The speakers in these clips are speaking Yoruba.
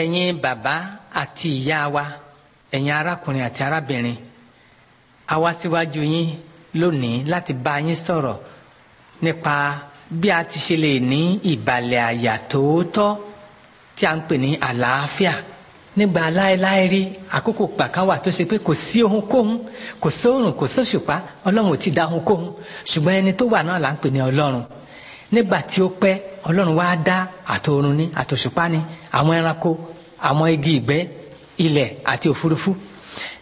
ẹ̀yin bàbá àti ìyá wa ẹ̀yin arákùnrin àti arábìnrin àwa síwájú yín lónìí láti bá yín sọ̀rọ̀ nípa bí a ti ṣe lè ní ìbàlẹ̀ àyà tòótọ́ tí a ń pè ní àlàáfíà nígbà láéláé rí àkókò pàkáwà tó ṣe pé kò sí ohunkóhun kò sóòrùn kò sóṣùpá ọlọ́run ò ti dá ohunkóhun ṣùgbọ́n ẹni tó wà náà là ń pè ní ọlọ́run nígbà tí ó pẹ́ ọlọ́run wá dá àtòrun ní àtòṣùpá ní àwọn ẹranko àwọn igi ìgbẹ́ ilẹ̀ àti òfurufú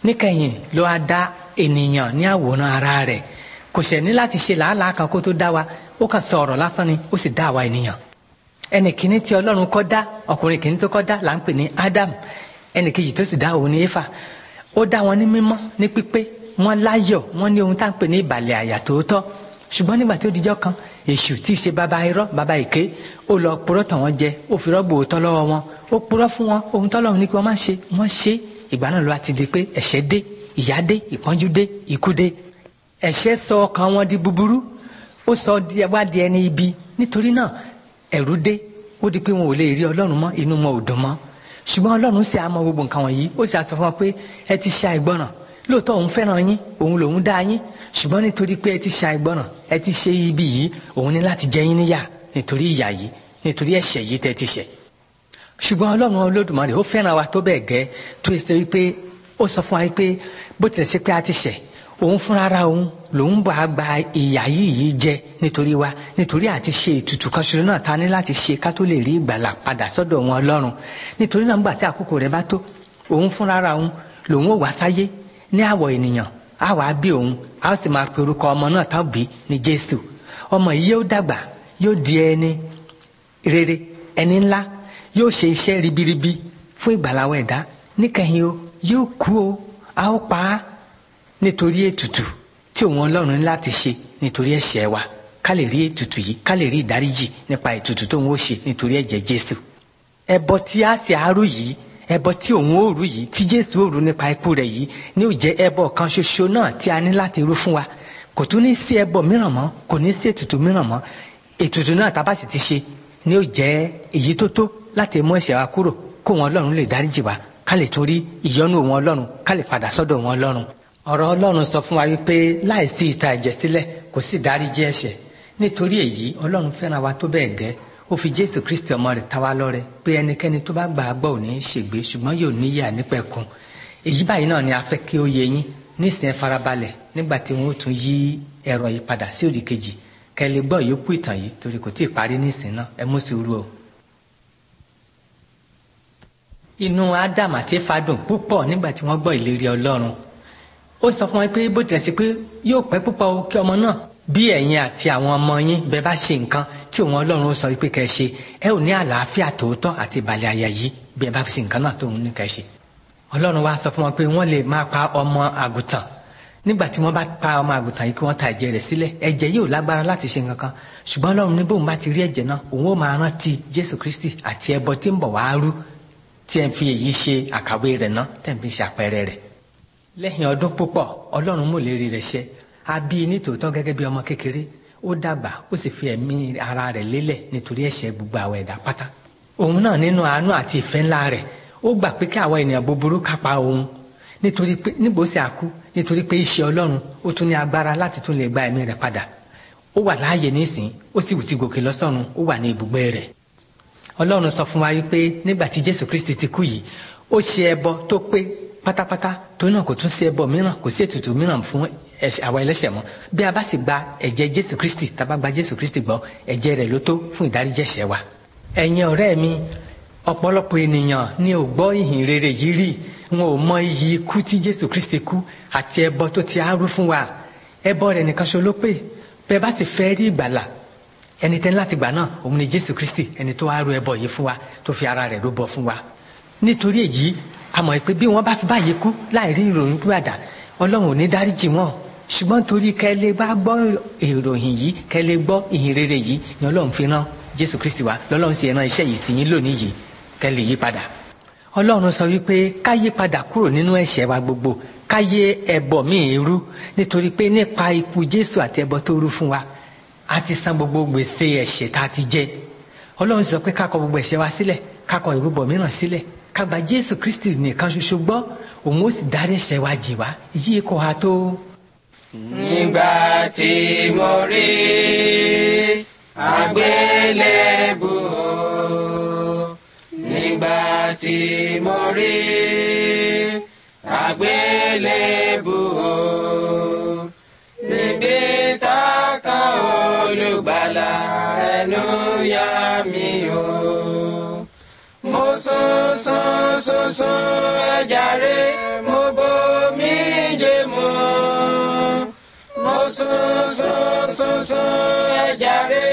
níkẹyìn ló wá dá ènìyàn ní àwòrán ara rẹ̀ kò ṣẹ̀ ní láti ṣe làálàá kan kó tó dá wa ó kàn sọ ọ̀rọ̀ lásán ni ó sì dá àwa ènìyàn ẹnì kìíní tí ọlọ́run kọ́ dá ọkùnrin kìíní tó kọ́ dá là ń pè ní Adam ẹnì kejì tó sì dá òun ní Éfà ó dá wọn ní mímọ́ ní pípé wọ́n láyọ̀ wọ́n ní ohun tá à ń pè ní ìbàlẹ̀ àyà tòótọ́ ṣùgbọ́n nígbà tó dijọ́ kan èṣù tí í ṣe bàbá irọ́ bàbá èké ó lọ purọ́ tàn wọ́n jẹ ó fi rọ́gbò tán lọ́wọ́ wọn ó purọ́ fún wọn ohun tọ́lọ́run ní kí wọ́n má ṣe wọ́n ṣe ìgbà náà ló wá ti di pé ẹ̀ṣẹ̀ dé ìyà dé ìpọ́njú dé ikú dé ẹ̀ṣẹ̀ sọ ọkàn wọn di búburú ó sọ wá di ẹni ibi nítorí náà ẹ̀rù dé ó di pé wọn ò lè rí ọlọ́run mọ́ inú wọn ò dùn mọ́ ṣùgbọ́n ọlọ́run sì á gbogbo nǹkan wọ̀nyí ó sì á fún wọn pé ẹ ti ṣe àìgbọràn lóòótọ́ òun fẹ́ràn yín òun lòun dá yín ṣùgbọ́n nítorí pé ẹ ti ṣe àìgbọràn ẹ ti ṣe ibi yìí òun ní láti jẹ yín níyà nítorí ìyà yìí nítorí ẹ̀ṣẹ̀ yìí tẹ́ ti ṣẹ̀ ṣùgbọ́n ọlọ́run olódùmarè ó fẹ́ràn wa tó bẹ́ẹ̀ gẹ́ tó ṣe wípé ó sọ fún wa wípé bó tilẹ̀ ṣe pé a ti ṣẹ̀ òun fúnra ara òun lòun bá gba ìyà yìí yìí jẹ nítorí wa nítorí àti ṣe ètùtù kan ṣoṣo náà ta ní láti ṣe ká tó lè rí ìgbàlà padà sọ́dọ̀ wọn ọlọ́run nítorí náà nígbà tí àkókò rẹ̀ bá tó òun fúnra ara òun lòun ò wá sáyé ní àwọ̀ ènìyàn a wàá bí òun a sì máa pe orúkọ ọmọ náà tá bí ní Jésù ọmọ yìí yóò dàgbà yóò di ẹni rere ẹni ńlá yóò ṣe iṣẹ́ ribiribi fún ìgbàláwọ̀ ẹ̀dá níkẹyìn o yóò kú o a ó pa á nítorí ètùtù tí òun Ọlọ́run ní láti ṣe nítorí ẹ̀ṣẹ̀ wa ká lè rí ètùtù yìí ká lè rí ìdáríjì nípa ètùtù tóun ó ṣe nítorí ẹ̀jẹ̀ Jésù ẹbọ tí a ṣe àárò yìí ẹbọ tí òun ó rú yìí tí jésù ó rú nípa ikú rẹ̀ yìí ni ó jẹ́ ẹbọ kan ṣoṣo náà tí a ní láti rú fún wa kò tún ní sí ẹbọ mìíràn mọ́ kò ní sí ètùtù mìíràn mọ́ ètùtù náà tá a bá sì ti ṣe ni ó jẹ́ èyí tó tó láti mú ẹ̀ṣẹ̀ wa kúrò kó wọn Ọlọ́run lè dáríjì wa ká lè torí ìyọ́nú wọn Ọlọ́run ká lè padà sọ́dọ̀ wọn Ọlọ́run ọ̀rọ̀ Ọlọ́run sọ fún wa wípé láìsí ìta ẹ̀jẹ̀ sílẹ̀ kò sí dáríjì ẹ̀ṣẹ̀ nítorí èyí Ọlọ́run fẹ́ràn wa tó bẹ́ẹ̀ gẹ́ ó fi jésù kristi ọmọ rẹ̀ ta wá lọ́rẹ pé ẹnikẹ́ni tó bá gbà á gbọ́ ò ní í ṣègbé ṣùgbọ́n yóò níyà nípẹ̀kun èyí báyìí náà ni a fẹ́ kí ó yé yín nísìnyẹn farabalẹ̀ nígbà tí wọ́n tún yí ẹ̀rọ yìí padà sí òdì kejì kẹ́ lè gbọ́ ìyókù ìtàn yìí torí kò tí ì parí nísìnyẹn náà ẹ mú sùúrù o. inú ádámù àti éfà dùn púpọ̀ nígbà tí wọ́n gbọ́ ìlérí ọlọ́run ó sọ fún wọn pé bó tilẹ̀ ṣe pé yóò pẹ́ púpọ̀ kí ọmọ náà bí ẹ̀yin àti àwọn ọmọ yín bẹ́ẹ̀ bá ṣe nǹkan tí òun ọlọ́run sọ wípé kẹ́ ẹ ṣe ẹ ò ní àlàáfíà tòótọ́ àti ìbàlẹ̀ àyà yìí bẹ́ẹ̀ bá ṣe nǹkan náà tó òun ní kẹ́ ẹ ṣe. ọlọ́run wá sọ fún wọn pé wọ́n lè máa pa ọmọ àgùntàn nígbà tí wọ́n bá pa ọmọ àgùntàn yìí kí wọ́n ta ẹ̀jẹ̀ rẹ̀ sílẹ̀ ẹ̀jẹ̀ yìí ò lágbára láti ṣe nǹkan ṣùgbọ́n ọlọ́run ní bóun bá ti rí a bí ní tòótọ́ gẹ́gẹ́ bí ọmọ kékeré ó dàgbà ó sì fi ẹ̀mí ara rẹ̀ lélẹ̀ nítorí ẹ̀ṣẹ̀ gbogbo àwọn ẹ̀dá pátá òun náà nínú àánú àti ìfẹ́ ńlá rẹ̀ ó gbà pé kí àwọn ènìyàn búburú kápá òun nítorí pé níbo sì àkú nítorí pé iṣẹ́ Ọlọ́run ó tún ní agbára láti tún lè gba ẹ̀mí rẹ̀ padà ó wà láàyè nísìn ó sì wùtí gòkè lọ́sọ̀run ó wà ní ibùgbé rẹ̀ Ọlọ́run sọ fún wa wípé nígbà tí Jésù Kristi ti kú yìí ó ṣe ẹbọ tó pé pátápátá torí náà kò tún sí ẹbọ mìíràn kò sí ètùtù mìíràn fún ẹ̀ṣẹ̀ àwa ẹlẹ́ṣẹ̀ mọ́ bí a bá sì gba ẹ̀jẹ̀ jésù kristi tá a bá gba jésù kristi gbọ́ ẹ̀jẹ̀ rẹ̀ ló tó fún ìdáríjẹ̀ṣẹ̀ wa. ẹ̀yin ọ̀rẹ́ mi ọ̀pọ̀lọpọ̀ ènìyàn ni ò gbọ́ ìhìn rere yìí rí wọn ò mọ iyì ikú tí jésù kristi kú àti ẹbọ tó ti á rú fún wa ẹbọ rẹ̀ nìkan ṣo ló pè bẹ́ẹ̀ bá sì fẹ́ rí ìgbàlà ẹni tẹ́ láti gbà náà òun ni jésù kristi ẹni tó á rú ẹbọ yìí fún wa tó fi ara rẹ̀ rúbọ fún wa nítorí èyí àmọ́ ìpè bí wọ́n bá fi báyìí kú láì rí ìròyìn pìwàdà ọlọ́run ò ní dáríjì wọn ṣùgbọ́n torí kẹ́lẹ́ bá gbọ́ ìròyìn yìí kẹ́lẹ́ gbọ́ ìhìn rere yìí ni ọlọ́run fi rán jésù kristi wá lọ́lọ́run sì rán iṣẹ́ yìí sí yín lónìí yìí kẹ́lẹ́ yí padà ọlọ́run sọ wípé ká yí padà kúrò nínú ẹ̀ṣẹ̀ wa gbogbo ká yé ẹbọ míì rú nítorí pé nípa ikú jésù àti ẹbọ tó rú fún wa a ti san gbogbo gbèsè ẹ̀ṣẹ̀ tá a ti jẹ ọlọ́run sọ pé ká kọ gbogbo ẹ̀ṣẹ̀ wa sílẹ̀ ká kọ mìíràn sílẹ̀ ka gba jésù kristi nìkan ṣoṣo gbọ́ òun ó sì dárí ẹ̀ṣẹ̀ wa jì wá yí kọ́ ha tó. nígbà tí mo rí àgbélébù nígbà tí mo rí àgbélébù níbi tákàn olùgbàlà ẹnu yá mi o sun ẹjàre mo bomi jẹ mọ́ mo sun sun sun sun ẹjàre.